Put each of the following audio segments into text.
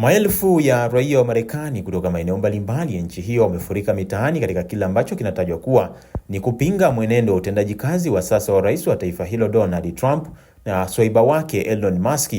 Maelfu ya raia wa Marekani kutoka maeneo mbalimbali ya nchi hiyo wamefurika mitaani katika kile ambacho kinatajwa kuwa ni kupinga mwenendo wa utendaji kazi wa sasa wa rais wa taifa hilo Donald Trump na swaiba wake Elon Musk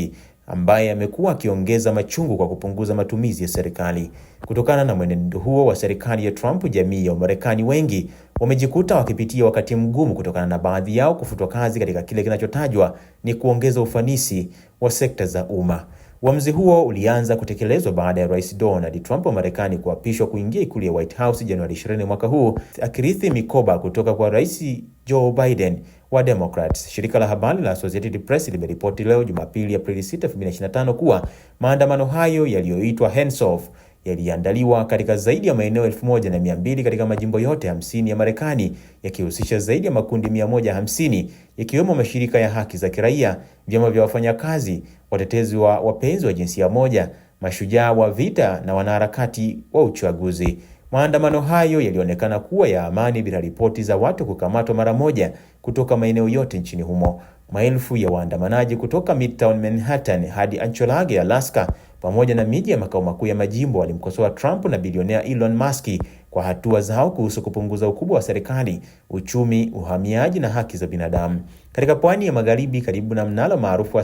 ambaye amekuwa akiongeza machungu kwa kupunguza matumizi ya serikali. Kutokana na mwenendo huo wa serikali ya Trump, jamii ya Wamarekani wengi wamejikuta wakipitia wakati mgumu kutokana na baadhi yao kufutwa kazi katika kile kinachotajwa ni kuongeza ufanisi wa sekta za umma. Uamuzi huo ulianza kutekelezwa baada ya Rais Donald Trump wa Marekani kuapishwa kuingia ikulu ya White House Januari 20 mwaka huu, akirithi mikoba kutoka kwa Rais Joe Biden wa Democrats. Shirika la habari la Associated Press limeripoti leo Jumapili, Aprili 6, 2025 kuwa maandamano hayo yaliyoitwa Hands Off yaliandaliwa katika zaidi ya maeneo 1200 katika majimbo yote 50 ya Marekani, yakihusisha zaidi ya makundi 150 yakiwemo mashirika ya haki za kiraia, vyama vya wafanyakazi, watetezi wa wapenzi wa jinsia moja, mashujaa wa vita na wanaharakati wa uchaguzi. Maandamano hayo yalionekana kuwa ya amani bila ripoti za watu kukamatwa mara moja kutoka maeneo yote nchini humo. Maelfu ya waandamanaji kutoka Midtown Manhattan hadi Anchorage, Alaska, pamoja na miji ya makao makuu ya majimbo walimkosoa Trump na bilionea Elon Musk kwa hatua zao kuhusu kupunguza ukubwa wa serikali, uchumi, uhamiaji na haki za binadamu. Katika pwani ya magharibi karibu na mnalo maarufu wa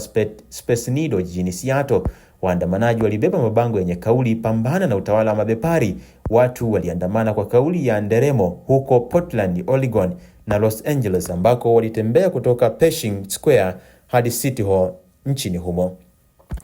Space Needle jijini Seattle, waandamanaji walibeba mabango yenye kauli pambana na utawala wa mabepari. Watu waliandamana kwa kauli ya nderemo huko Portland, Oregon na Los Angeles ambako walitembea kutoka Pershing Square hadi City Hall nchini humo.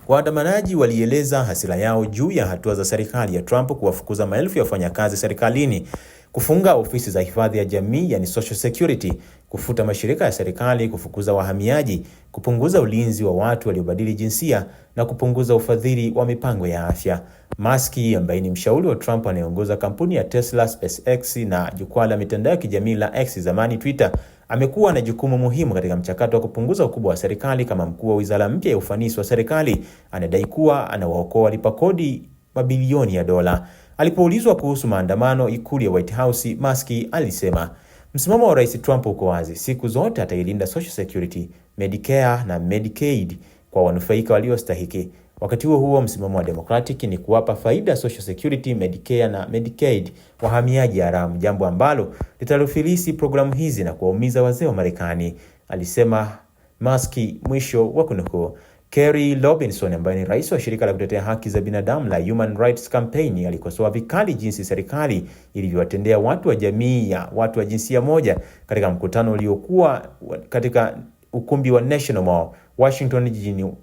Waandamanaji walieleza hasira yao juu ya hatua za serikali ya Trump kuwafukuza maelfu ya wafanyakazi serikalini, kufunga ofisi za hifadhi ya jamii yani Social Security, kufuta mashirika ya serikali, kufukuza wahamiaji, kupunguza ulinzi wa watu waliobadili jinsia na kupunguza ufadhili wa mipango ya afya. Musk ambaye ni mshauri wa Trump anayeongoza kampuni ya Tesla, SpaceX na jukwaa la mitandao ya kijamii la X zamani Twitter, amekuwa na jukumu muhimu katika mchakato wa kupunguza ukubwa wa serikali. Kama mkuu wa wizara mpya ya ufanisi wa serikali, anadai kuwa anawaokoa walipa kodi mabilioni ya dola. Alipoulizwa kuhusu maandamano ikulu ya White House, Musk alisema msimamo wa Rais Trump uko wazi, siku zote atailinda Social Security, Medicare na Medicaid kwa wanufaika waliostahiki. Wakati huo huo, msimamo wa Democratic ni kuwapa faida Social Security, Medicare na Medicaid wahamiaji haramu, jambo ambalo litalufilisi programu hizi na kuwaumiza wazee wa Marekani, alisema Musk, mwisho wa kunukuu. Kerry Robinson ambaye ni rais wa shirika la kutetea haki za binadamu la Human Rights Campaign alikosoa vikali jinsi serikali ilivyowatendea watu wa jamii ya watu wa jinsia moja katika mkutano uliokuwa katika ukumbi wa National Mall, Washington jijini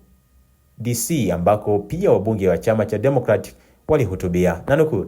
DC ambako pia wabunge wa chama cha Democratic walihutubia. Nanuku,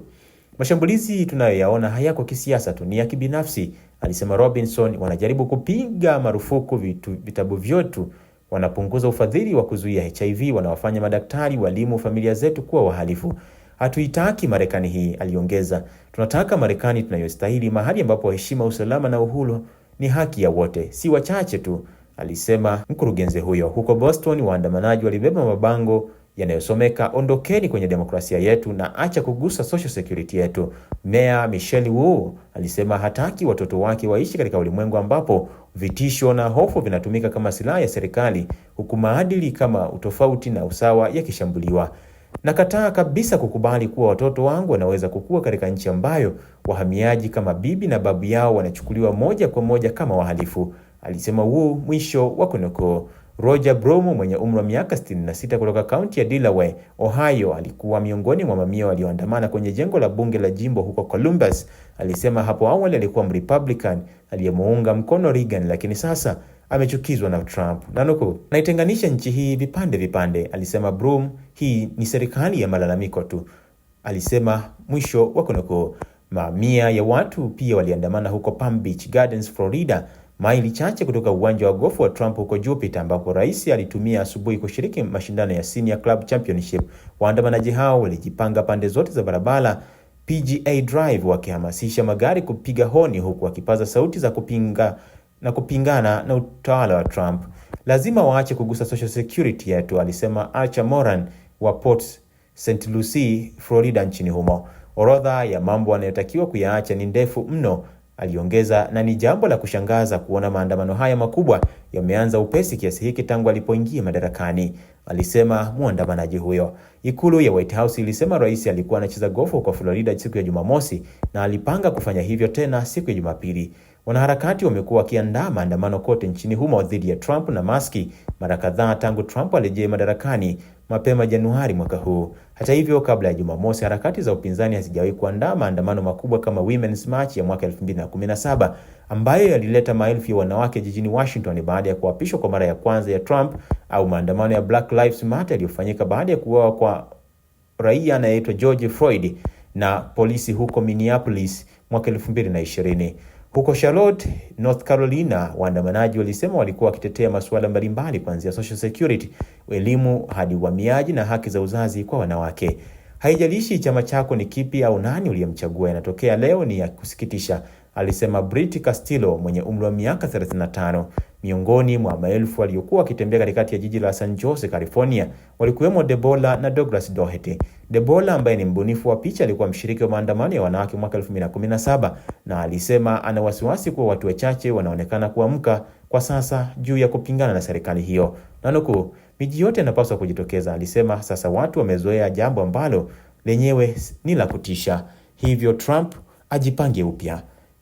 mashambulizi tunayoyaona hayako kisiasa tu, ni ya kibinafsi, alisema Robinson. Wanajaribu kupiga marufuku vitu, vitabu vyetu wanapunguza ufadhili wa kuzuia HIV, wanawafanya madaktari, walimu, familia zetu kuwa wahalifu. Hatuitaki Marekani hii, aliongeza. Tunataka Marekani tunayostahili, mahali ambapo heshima, usalama na uhuru ni haki ya wote, si wachache tu alisema mkurugenzi huyo. Huko Boston, waandamanaji walibeba mabango yanayosomeka ondokeni kwenye demokrasia yetu na acha kugusa social security yetu. Meya Michelle Wu alisema hataki watoto wake waishi katika ulimwengu ambapo vitisho na hofu vinatumika kama silaha ya serikali, huku maadili kama utofauti na usawa yakishambuliwa. Nakataa kabisa kukubali kuwa watoto wangu wanaweza kukua katika nchi ambayo wahamiaji kama bibi na babu yao wanachukuliwa moja kwa moja kama wahalifu, alisema. Huu mwisho wa kunukuu. Roger Bromo mwenye umri wa miaka 66 kutoka kaunti ya Delaware, Ohio, alikuwa miongoni mwa mamia walioandamana kwenye jengo la bunge la jimbo huko Columbus. Alisema hapo awali alikuwa Mrepublican aliyemuunga mkono Reagan, lakini sasa amechukizwa na Trump na nuku, naitenganisha nchi hii vipande vipande, alisema Broom. Hii ni serikali ya malalamiko tu, alisema mwisho wa kunukuu. Mamia ya watu pia waliandamana huko Palm Beach Gardens, Florida, maili chache kutoka uwanja wa gofu wa Trump huko Jupiter, ambapo rais alitumia asubuhi kushiriki mashindano ya Senior Club Championship. Waandamanaji hao walijipanga pande zote za barabara PGA Drive wakihamasisha magari kupiga honi huku wakipaza sauti za kupinga na kupingana na utawala wa Trump. Lazima waache kugusa social security yetu, alisema Archer Moran wa Port St. Lucie, Florida nchini humo. Orodha ya mambo anayotakiwa kuyaacha ni ndefu mno, aliongeza, na ni jambo la kushangaza kuona maandamano haya makubwa yameanza upesi kiasi hiki tangu alipoingia madarakani, alisema mwandamanaji huyo. Ikulu ya White House ilisema rais alikuwa anacheza gofu kwa Florida siku ya Jumamosi na alipanga kufanya hivyo tena siku ya Jumapili. Wanaharakati wamekuwa wakiandaa maandamano kote nchini humo dhidi ya Trump na Musk mara kadhaa tangu Trump arejee madarakani mapema Januari mwaka huu. Hata hivyo, kabla ya Jumamosi, harakati za upinzani hazijawahi kuandaa maandamano makubwa kama Women's March ya mwaka 2017 ambayo yalileta maelfu ya wanawake jijini Washington baada ya kuapishwa kwa mara ya kwanza ya Trump, au maandamano ya Black Lives Matter yaliyofanyika baada ya kuuawa kwa raia anayeitwa George Floyd na polisi huko Minneapolis mwaka 2020. Huko Charlotte, North Carolina, waandamanaji walisema walikuwa wakitetea masuala mbalimbali kuanzia social security, elimu hadi uhamiaji na haki za uzazi kwa wanawake. Haijalishi chama chako ni kipi au nani uliyemchagua, yanatokea leo ni ya kusikitisha, alisema brit Castillo mwenye umri wa miaka 35. Miongoni mwa maelfu waliokuwa wakitembea katikati ya jiji la San Jose, California, walikuwemo Debola na Douglas Doherty. Debola ambaye ni mbunifu wa picha alikuwa mshiriki wa maandamano ya wanawake mwaka 2017 na alisema ana wasiwasi kuwa watu wachache wanaonekana kuamka kwa sasa juu ya kupingana na serikali hiyo. Nanuku, miji yote inapaswa kujitokeza, alisema. Sasa watu wamezoea jambo ambalo lenyewe ni la kutisha, hivyo Trump ajipange upya.